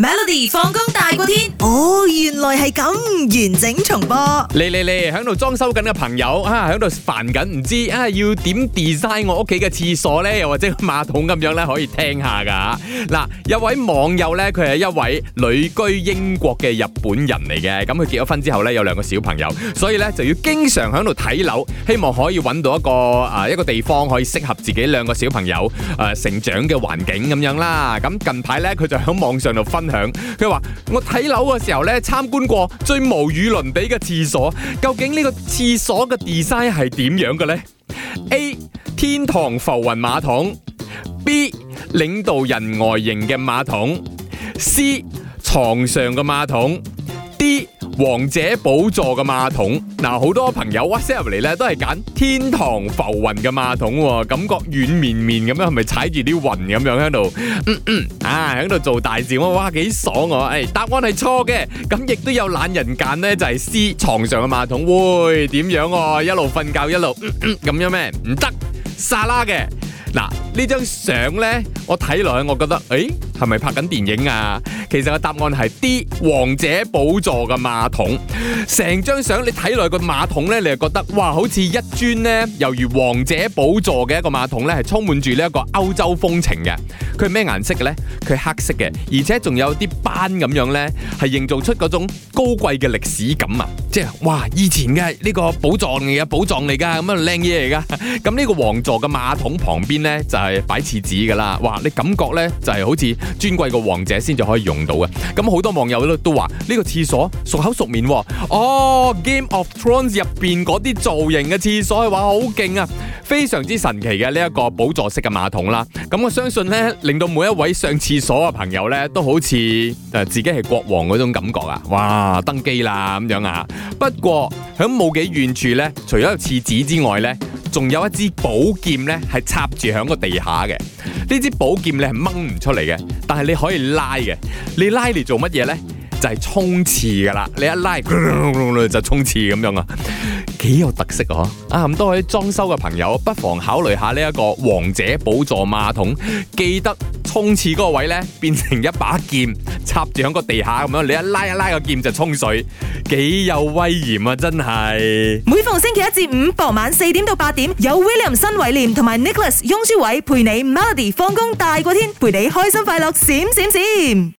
Melody 放工大過天，哦，oh, 原來係咁完整重播。嚟嚟嚟，響度裝修緊嘅朋友啊，響度煩緊，唔知啊要點 design 我屋企嘅廁所呢？又或者馬桶咁樣呢？可以聽下噶。嗱、啊，有位網友呢，佢係一位旅居英國嘅日本人嚟嘅，咁佢結咗婚之後呢，有兩個小朋友，所以呢，就要經常響度睇樓，希望可以揾到一個啊、呃、一個地方可以適合自己兩個小朋友誒、呃、成長嘅環境咁樣啦。咁近排呢，佢就響網上度分。佢話我睇樓嘅時候咧，參觀過最無與倫比嘅廁所，究竟個廁呢個廁所嘅 design 係點樣嘅呢？A. 天堂浮雲馬桶，B. 領導人外形嘅馬桶，C. 床上嘅馬桶，D. 王者寶座嘅馬桶，嗱、啊、好多朋友 whatsapp 入嚟咧都係揀天堂浮雲嘅馬桶喎、啊，感覺軟綿綿咁樣，係咪踩住啲雲咁樣喺度？嗯嗯，啊喺度做大字、啊。我哇幾爽我、啊，誒、哎、答案係錯嘅，咁、啊、亦都有懶人揀呢，就係、是、C 床上嘅馬桶，會、哎、點樣我、啊、一路瞓覺一路嗯嗯咁、嗯、樣咩？唔得沙拉嘅嗱。啊呢張相呢，我睇落去我覺得，誒、欸，係咪拍緊電影啊？其實個答案係 D 王者寶座嘅馬桶，成張相你睇落去個馬桶呢，你就覺得，哇，好似一尊呢，猶如王者寶座嘅一個馬桶呢，係充滿住呢一個歐洲風情嘅。佢係咩顏色嘅呢？佢黑色嘅，而且仲有啲斑咁樣呢，係營造出嗰種高貴嘅歷史感啊！即係，哇，以前嘅呢個寶藏嚟嘅寶藏嚟噶，咁樣靚嘢嚟噶。咁 呢個王座嘅馬桶旁邊呢。就。係擺廁紙噶啦，哇！你感覺呢，就係好似尊貴個王者先至可以用到嘅。咁好多網友都都話呢個廁所熟口熟面，哦，哦，《Game of Thrones》入邊嗰啲造型嘅廁所嘅話好勁啊，非常之神奇嘅呢一個寶座式嘅馬桶啦。咁、嗯、我相信呢，令到每一位上廁所嘅朋友呢，都好似誒自己係國王嗰種感覺啊！哇，登基啦咁樣啊！不過響冇幾遠處呢，除咗廁紙之外呢。仲有一支寶劍咧，係插住響個地下嘅。寶劍，呢支寶劍你係掹唔出嚟嘅，但係你可以拉嘅。你拉嚟做乜嘢咧？就係、是、沖廁噶啦！你一拉就沖廁咁樣啊，幾有特色啊，咁多位裝修嘅朋友不妨考慮下呢一個王者寶座馬桶。記得沖廁嗰個位咧，變成一把劍。插住響個地下咁樣，你一拉一拉個劍就沖水，幾有威嚴啊！真係。每逢星期一至五傍晚四點到八點，有 William 新偉廉同埋 Nicholas 翁舒偉陪你 Melody 放工大過天，陪你開心快樂閃閃閃，閃閃閃